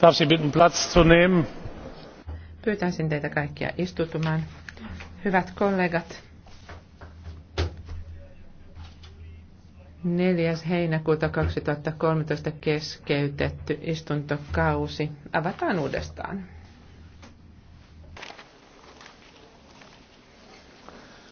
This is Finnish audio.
Darf Sie bitten, Platz zu nehmen? Pyytäisin teitä kaikkia istutumaan. Hyvät kollegat, 4. heinäkuuta 2013 keskeytetty istuntokausi avataan uudestaan.